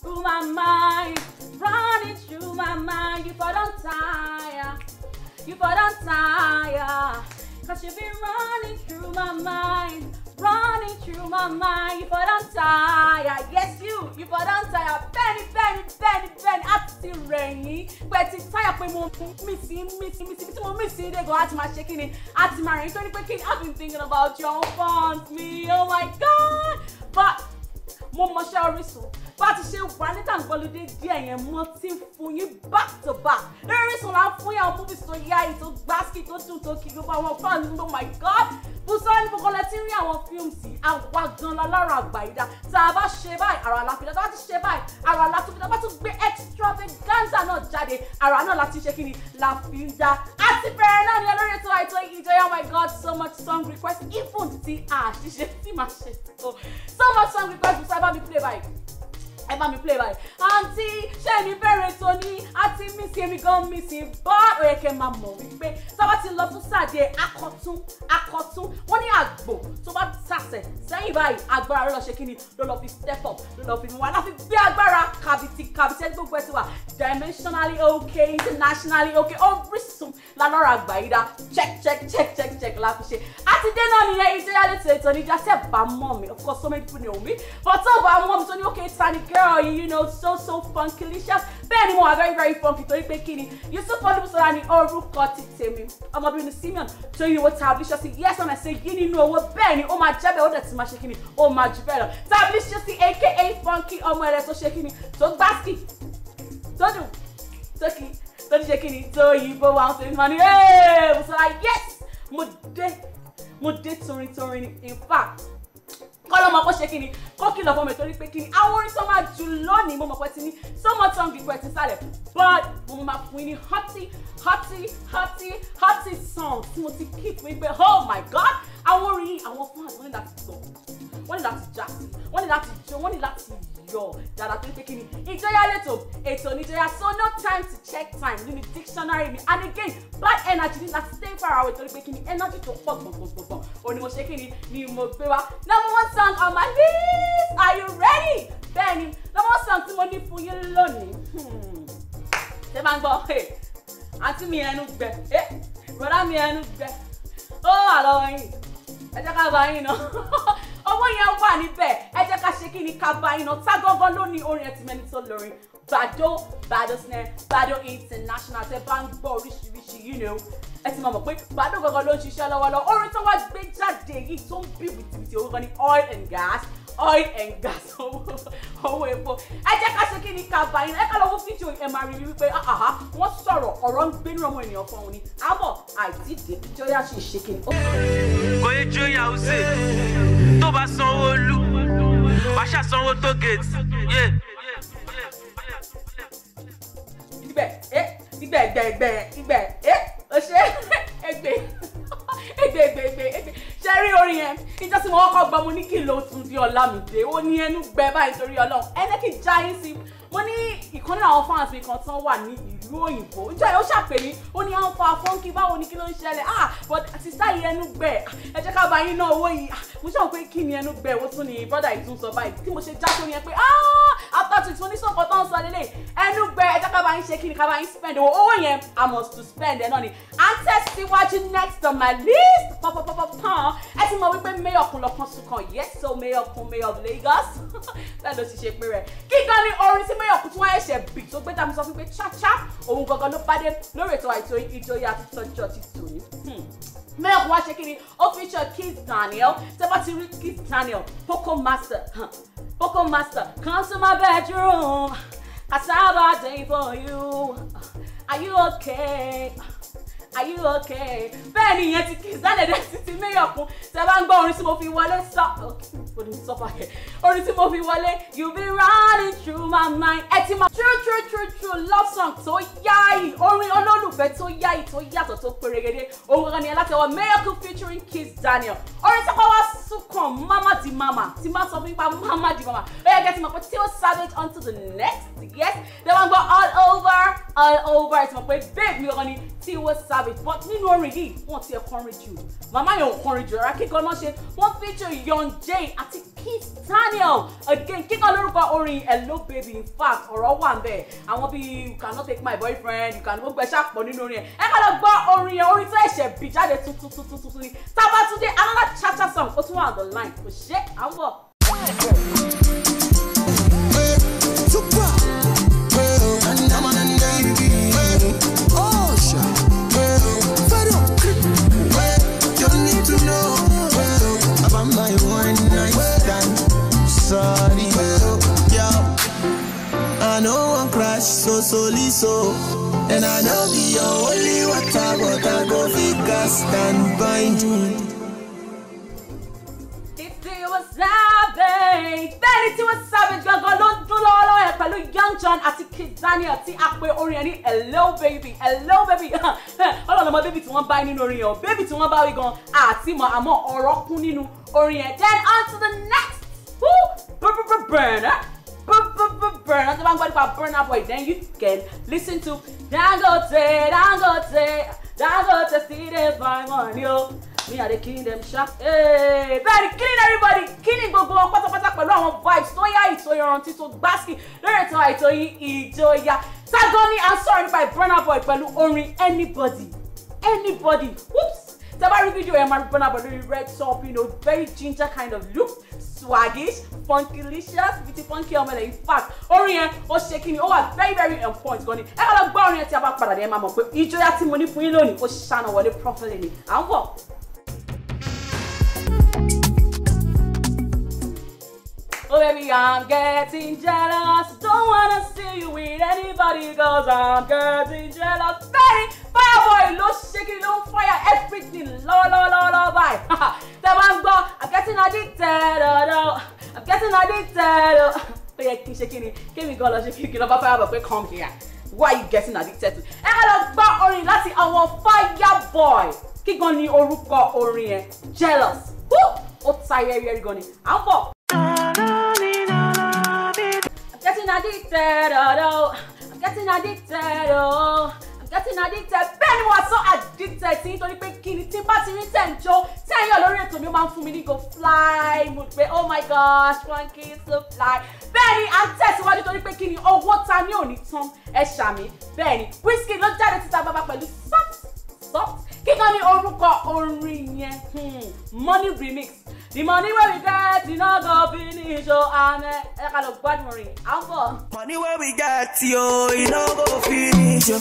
through my mind, running through my mind. You for don't tire, you for don't tire. Cause you've been running through my mind, running through my mind. You for don't tire, yes you, you for don't tire. Bẹ́ẹ̀ni bẹ́ẹ̀ni bẹ́ẹ̀ni bẹ́ẹ̀ni á ti rẹ̀ yín. Pẹ̀ ti but pé mo mí sí Missing, missing, mí sí bí tí mo mí sí ilé gan àti máa ṣe kí ni àti I've been thinking about your fun me oh my god but mo mọṣẹ́ Orísun bá ti ṣe wà ní tàǹgbọ́lódé díẹ̀ yẹn mọ́ tí ń fún yín back to back Orísun la fún yàrá fún bísí tó yá yìí tó gbásíkì tó dùn tó kí gbogbo àwọn fans ń lò my god Bùsọ̀ ní gbogbo lẹ ti rí àwọn fíìmù àwa gan la lára àgbà ìdá tá a bá ṣe báyìí àrà láfilẹ̀ tá a ti ṣe báyìí àrà láfilẹ̀ tá a bá tún gbé extravaganza náà jáde àrà náà láti ṣe kí ni láfi ń dá àti bẹ̀rẹ̀ náà ni olórí ètò àìtó Ìjọyà oh my god so much song request even ti àṣìṣe tí màá ṣe so much song request Bùsọ̀ ẹ bá mi play báyìí ẹ bá mi play báyìí àǹtí ṣé èmi bẹ̀rẹ̀ tó ní àti mísì èmi gan mísì bọ́ òye kẹ́ máa mọ̀ wípé sábà ti lọ fún sàdé akọ̀tún akọ̀tún wọ́n ní àgbò tó bá sàṣẹ̀ sẹ́yìn báyìí agbára ló lọ ṣe kí ni ló lọ fi step up ló lọ fi mú wa láfi gbé agbára kàbìtì kàbìtì ẹgbẹ́ gbogbo ẹ̀ ti wà dimensionally okay internationally okay Orísun lánàrà gbà check check check check check la fi ṣe àti dé náà nìyẹn ìṣẹ́yàlẹ̀ tó ètò níjà tẹ̀ bá mọ̀ mi of course so many people know me but tó bá mọ̀ mi tó ní okay tani girl you know so so funkylicious bẹ́ẹ̀ ni mo wà very very funky torí pé kí ni Yusuf Ọdúnbùsọ̀lá ni orúkọ ti tèmi ọmọbìnrin Simeon tó yíwọ́ Tablicious yes ọ̀nà ṣe yí nínú owó bẹ́ẹ̀ ni ó máa jẹ́ bẹ́ẹ̀ ó dẹ̀ ti máa ṣe kí ni ó máa jù bẹ́ẹ̀ lọ Tablicious aka funky ọmọ ẹ̀rẹ́ tó ṣe kí ni tó gbásìkì tó dùn tó kì í tó ní ṣe kí ni tó yìnbó wa ń ní ẹ́ẹ̀ mo sọ la yes mo dé mo dé torintorin ni in fact kọ́lọ́mọ kó ṣe kí ni kó kìlọ̀ fún mi torí pé kí ni àwọn orin tó máa jù lónìí mo mọ̀ pé ti ní sọ́mọ tó ń gbìn pẹ̀ ti sálẹ̀ but mo máa fún yín ní hotty hotty hotty hotty song tí mo ti keep wípé oh my god àwọn orin àwọn fún àwọn wọ́n ní láti sọ wọ́n ní láti jà wọ́n ní láti jó wọ́n ní láti yọ dáadáa tó ń pé kí ni ìjọyà lẹ́tọ̀ ètò níjọyà so no time to check time nínú dictionary mi and again bad energy ní láti stay far away torí pé kí ni energy tó pọ̀ gbọ̀ngbọ̀ngbọ̀n òní mo ṣe kí ni ni mo gbé wá number one song on my list are you ready bẹ́ẹ̀ ni number one song tí mo ní fún yín lónìí ṣé máa ń gbọ́ àǹtí mi ẹnu gbẹ bọ̀dá mi ẹnu gbẹ ó wà lọ́wọ́ yìí ẹ jẹ́ ká bá yín náà owó yẹn wà níbẹ̀ jẹ́ ká ṣe kí ni ká bá iná tá gángan ló ní orin ẹtì mẹ́ni tó lórin gbàdó gbàdó snare gbàdó international tẹ bá ń gbọ́ oríṣiríṣi yìí ni o ẹ ti máa mọ̀ pé gbàdó gángan ló ń ṣiṣẹ́ lọ́wọ́lọ́wọ́ orin tó wá gbé jáde yìí tó ń bì wìtìwìtì orúkọ ní oil and gas oil and gas owó epo ẹ jẹ́ ká ṣe kí ni ká bá iná ẹ ká lọ wo fídíò ẹ máa rí wípé ah, ah, ah, wọ́n sọ̀rọ̀ ọ̀rọ̀ ń gbé nínú ọmọ ènìyàn fún òun ni àbọ̀ àìtí dèbí jóyà ṣì ṣe kí ni. kò yẹ jóyà ó sè tó bá sanwó olú wàá ṣàsanwó tó gate. ìgbẹ́ ẹ ìgbẹ́ ìgbẹ́ ìgbẹ́ ìgbẹ́ ẹ ọṣẹ ẹgbẹ́ ẹgbẹ́ ẹgbẹ́ ẹgbẹ́ ẹgbẹ́ ṣe rí orin yẹn níjọ́ tí mo kọ́kọ́ gbọ́ mo ní kí n lo tún di Ọlámídé ó ní ẹnu gbẹ báyìí torí Ọlọ́run ẹni kì í já yín sí i wọ́n ní ìkan nínú àwọn fans mi kan tán wà ní ìlú òyìnbó ìjọ yìí ó ṣàpè mí ó ní alpha funky báwo ni kí ló ń ṣẹlẹ̀ ah but sísá yìí ẹnu gbẹ ah, ẹ jẹ́ ká bá yín ná owó yìí ah, mo ṣàwọn pé kí ni ẹnu gbẹ wo tún ni brother ìtún sọ báyìí tí mo ṣe já sórí yẹn pé ah after twenty one ní sọ̀kọ̀ tó ń sọ lélẹ̀ ẹ bá shaking, ṣe kí ni ká bá yín spend owó owó yẹn i must to spend ẹ náà ni à ń tẹ̀síwájú next on my list pọ́npọ́npọ́npọ́n ẹ ti mọ wípé mayor kun lọ́kàn sunkàn yes so mayor kun mayor of Lagos bẹ́ẹ̀ ló ti ṣe pé rẹ̀ kíkan ni orin tí mayor kun tún wáyé ṣẹ̀ bì tó gbé dàmú sọ fún cha. ṣáṣá òun gangan ló bá dé lórí ètò àìtó ìjòyè àti tọ́jọ́ ti tò ní mẹ́ẹ̀kù hmm. wá ṣe kí ni ó fi ṣe Kiss Daniel tẹ́ bá ti rí Kiss Daniel Poco Master Poco Master come to my bedroom. A cassava day for you. Are you okay? Are you okay? Bẹ́ẹ̀ ni ìyẹn ti kì í sálẹ̀ dé títí mayor kún. Ṣé bá ń gbọ́ orin tí mo fi wọlé sọ? Ó ní sọ́pà yẹn. Orin tí mo you be running through my mind. Etima true true true true love song tó yáyì. Orin olólùfẹ́ tó yáyì tó yàtọ̀ tó pérégedé. Òun kankan ni alátẹ̀wọ̀ Miracle featuring Kiss Daniel. Orin tó kọ́ wá sùkàn Mama di Mama. Ti máa sọ Mama di Mama. Ó yẹ kẹ́ ti mọ̀ pé Teo Savage until the next yes they wan go all over all over ẹ ti mọ̀ pé babe mi ọkàn ni Tiwa Savage but nínú orin yìí wọ́n ti ẹ̀ kọrin jù màmá yẹn ò kọrin jù rárá kíkọ́ náà ṣe wọ́n feature Young Jane àti Kizz Daniel again kíkọ́ lórúkọ orin hello baby in fact ọ̀rọ̀ wà ń bẹ̀ àwọn bíi you cannot take my boyfriend you cannot gbẹ ṣàpọ̀ nínú orin ẹ̀ ẹ kọ́ lọ gbọ́ orin yẹn orin tó ẹ̀ṣẹ̀ bì jáde tuntun tuntun tuntun ni Tabatunde another cha-cha song ó tún wà on the line kò ṣe é à ń bọ̀. Super. you were savage bẹ́ẹ̀ ni tí wọ́n savage gangan ló ń dún lọ́wọ́lọ́wọ́ yẹn pẹ̀lú Young John àti Kid Daniel tí a pe orin yẹn ní hello baby hello baby ọlọ́run ọmọ bébì tí wọ́n bá nínú orin yẹn o Baby, tí wọ́n bá wí gan àti mọ̀ àmọ́ ọ̀rọ̀ kún nínú orin yẹn then on to the next burner burner tí wọ́n gbọ́ nípa burner boy then you can listen to Dangote Dangote Dangote sí ilé ìfọ̀mọ́ ni o me are the killing them sharp. Hey, very killing everybody killing gbogbo wọn pátápátá pẹ̀lú àwọn vibes tó yá ìtòyọrantí tó gbásì lórí ètò àìtòyí ìjòyà Sagoni à ń sọ̀rọ̀ nípa ìbúrọ́nà boy pẹ̀lú orin anybody anybody whoops tabari video ẹ̀ máa rí bọ́nà bọ̀ red top you know very ginger kind of look swaggish funkylicious beauty funky ọmọ ẹ̀lẹ́yìn fat orin yẹn ó ṣe kí ni ó wà very very on point gan ni ẹ kọ́ lọ gbọ́ orin yẹn tí a bá padà dé ẹ máa mọ̀ pé ìjọyà tí mo ní fún yín lónìí ó ṣàna wọlé properly ni à ń bọ̀. baby, I'm getting jealous. Don't wanna see you with anybody, cause I'm getting jealous. Baby, fireboy ló ṣégi ló ń fire everything lọ́wọ́lọ́wọ́lọ́wọ́ báyìí. bye. The ń gbọ́, I'm getting addicted, ọ̀dọ̀. Oh, I'm getting addicted. Oh. Ó yẹ kí n ṣe kí ni, kémi gan lọ it kí Fire boy, come here. Why are you getting addicted to? Ẹ ká lọ gbọ́ only láti àwọn fireboy. Kí gan ni orúkọ orin yẹn? Jealous. Ó outside ẹyẹ ẹyẹ gan ni. À ń addicted, oh, I'm getting addicted, oh, I'm getting addicted. Benny, ni so sọ addicted sí nítorí pé kí ni tí n bá ti rí tẹ̀njó tẹ̀yàn lórí ètò mi ó máa go fly mood oh my gosh one kiss to fly. Bẹ́ẹ̀ ni à ń tẹ̀síwájú torí pé kí ni owó ta ní òní tán ẹ ṣàmì. Bẹ́ẹ̀ ni Wizkid ló jáde síta bàbá pẹ̀lú soft soft kíkan ní orúkọ orin yẹn hmm, money remix The money where we get, you know, go finish, oh, and uh, I got bad money. I'm for. Money where we get, yo, you know, go finish, oh,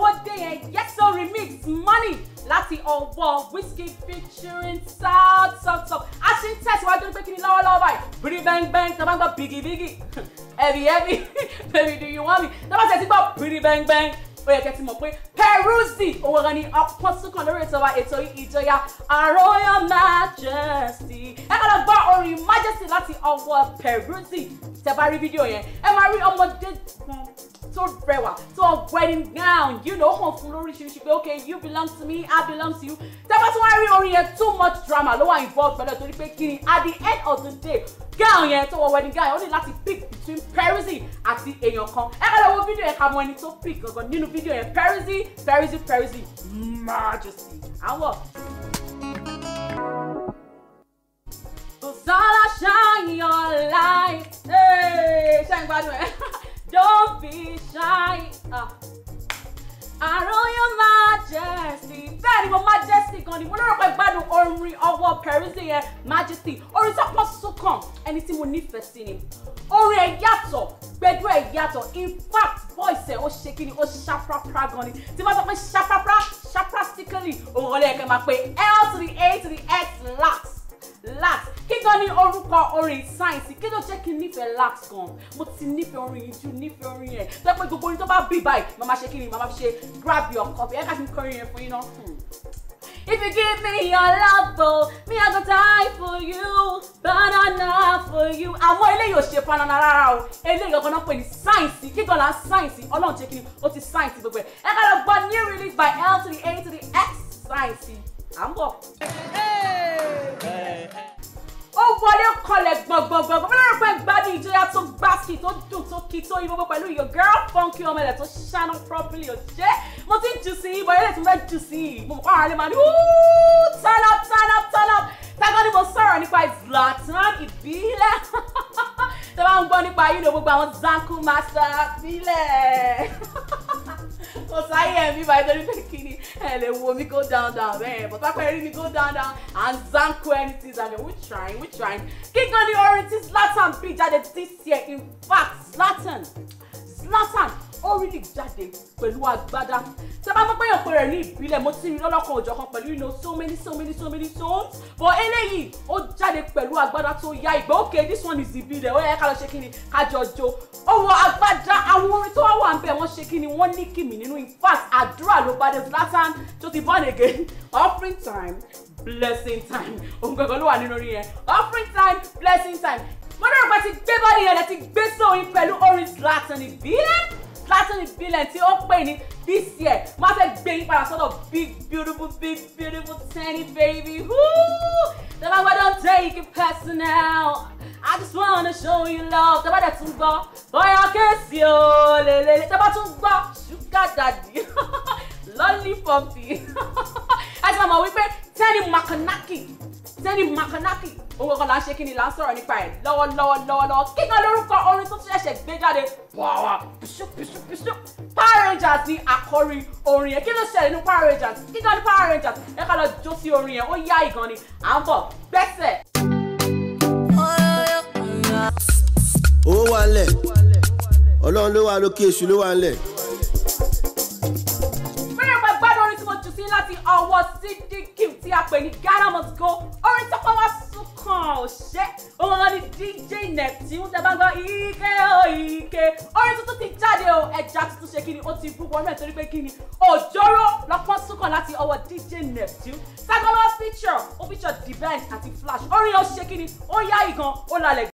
what day? A and yeah. láti ọwọ́ whiskey, featuring south south south a ti ń tẹ̀síwájú pé kí ni lọ́wọ́lọ́wọ́ báyìí bírí bang, tó bá ń gbọ́ bìgìbìgì heavy, heavy. baby do you want me lọ́wọ́ tẹ̀ sí gbọ́ pretty bang bang ó yẹ kẹ́ ti mọ̀ pé peruzzi owó gan ni ọpọ́sùkàn lórí ètò wa ètò ìjọya royal majesty ẹ kàn lọ gbọ́ orin majesty láti ọwọ́ peruzzi tẹ bá rí fídíò yẹn ẹ máa rí ọmọdé kan tó rẹwà tó wedding gown you know hàn fún lóríṣiríṣi pé okay you belong to me I belong to you tẹ́fẹ́ tí wọ́n rí orin yẹn too much drama ló wà involved pẹ̀lú ẹ̀ torí pé kí ni at the end of the day gown yẹn tó wọ wedding gown yẹn ó ní láti pick between Peruzzi àti èèyàn kan ẹ ká lọ wo fídíò yẹn ká mọ ẹni tó pick gangan nínú fídíò yẹn Peruzzi Peruzzi Peruzzi majesty àwọn. All I shine your light. Hey, shine, by the Don't be shy. Ah. I royal majesty. Very mo majesty gan ni mo lọ́rọ̀ pé gbádùn orin ọwọ́ Peruzzi yẹn majesty. Orin tó pọ̀ sókàn ẹni tí mo nífẹ̀ẹ́ sí ni. Orin a yato. gbẹ́jú a yato. in fact voice say, oh shaking, oh shapra pragoni. ṣàprápra gan ni. shapra wọ́n shapra stickily. Oh, ṣàprastically òun ọ̀lẹ́ L to the A to the X Last. Last gan ni orúkọ orin sáyẹ̀nsì kí ló jẹ́ kí n nífẹ̀ẹ́ lax gan mo ti nífẹ̀ẹ́ orin yìí ju nífẹ̀ẹ́ orin yẹn tó pé gbogbo orin tó bá bí báyìí màmá ṣe kí ni màmá fi ṣe grab your cup ẹ fi kọrin yẹn fún yín náà. If you give me your love, oh, me I go die for you, banana for you. Àwọn eléyìí ò ṣe banana rárá o, eléyìí ọkọ̀ náà pè ní sáyẹ̀nsì, kíkan là ń sáyẹ̀nsì, ọlọ́run ṣe kí ni ó ti sáyẹ̀nsì gbogbo ẹ̀. Ẹ ká lọ gbọ́ new release by L to the A to the X sáyẹ̀nsì, à ń bọ̀ wọlé kọlẹ̀ gbọ̀ngbọ̀ngbọ̀n mo lérò pé gbádùn ìjọyà tó gbàsì tó dùn tó kí tó yí gbogbo pẹ̀lú your girl funky ọmọ ilẹ̀ tó ṣáná properly ọ̀ṣẹ́ mo ti jù sí i bọ̀yẹ́lẹ̀ tí mo fẹ́ jù sí i mo mọ̀ ọ́n àlẹ́ máa ní turn up turn up turn up tágọ́ ni mo sọ̀rọ̀ nípa Zlatan ìbílẹ̀ tó bá ń gbọ́ nípa yìí lò gbogbo àwọn zanku master ìbílẹ̀. kò sáyé ẹ̀mí báyìí torí pé kí ni ẹ lè wo mi go down down bẹ́ẹ̀ but pápá ẹ̀rí mi go down down and zanku anything and we trying we trying kíkan ní orin tí Zlatan bí jáde this year in fact Zlatan Zlatan ó rí lè jáde pẹ̀lú agbádá tẹ bá mọ̀ pé èèyàn pèrè ní ìbílẹ̀ mo ti rí lọ́lọ́kan òjọ̀ kan pẹ̀lú you know so many so many so many tones but eléyìí ó jáde pẹ̀lú agbádá tó yá ìgbẹ́ òkè this one is ìbílẹ̀ ó yẹ ká lọ ṣe kí ni ká jọ jó ó wọ agbádá àwọn orin tó wà ń bẹ̀ wọ́n ṣe kí ni wọ́n ní kìmì nínú in fact àdúrà ló bá dé Zlatan tó ti born again offering time blessing time òun gangan ló wà nínú orin yẹn offering time blessing time mo dọ̀rọ̀ pé ti gbé bọ́ọ̀lì yẹn lẹ ti gbé sóyin pẹ̀lú orin Zlatan ìbílẹ̀ látìrí bílẹ̀ tí ó pè ní this year máa fẹ́ gbé yín padà sọ́dọ̀ big beautiful big beautiful tiny baby tẹ́lá wá don't take it personal I just wanna show you love tẹ́lá dẹ̀ tún gbọ́ bóyá kéèsì o lèlè tẹ́lá tún gbọ́ sugar daddy lollipop ẹ ti máa mọ̀ wípé tẹ́ni makanaki tẹ́ni makanaki owó kan là ń ṣe kí ni là ń sọ̀rọ̀ nípa ẹ̀ lọ́wọ́lọ́wọ́ lọ́wọ́lọ́wọ́ kíkan lórúkọ orin tó tún ṣẹ̀ṣẹ̀ gbé jáde wàwà píṣú píṣú píṣú Power Rangers ni àkọ́rí orin yẹn kí ló ṣẹlẹ̀ nínú Power Rangers kíkan ní Power Rangers ẹ ká lọ jó sí orin yẹn ó yá ìgan ni à ń bọ̀ gbẹ́sẹ̀. ó wà lẹ̀ ọlọ́run ló wà lókè èṣù ló wà lẹ̀. fẹ́rẹ̀ pẹ̀ gbádùn orin tí mo jù sí láti ọwọ́ sídìkì tí a pè ní Ghana must go ike o ike orin tuntun ti jáde o ẹja tuntun ṣe kíni ó ti bú wọnú ẹ torí pé kíni òjòrò lọpọn súnkàn láti ọwọ́ dj neptune sagolo feature ó feature D'banj àti flash orin ó ṣe kíni ó yá igan ó lálẹ́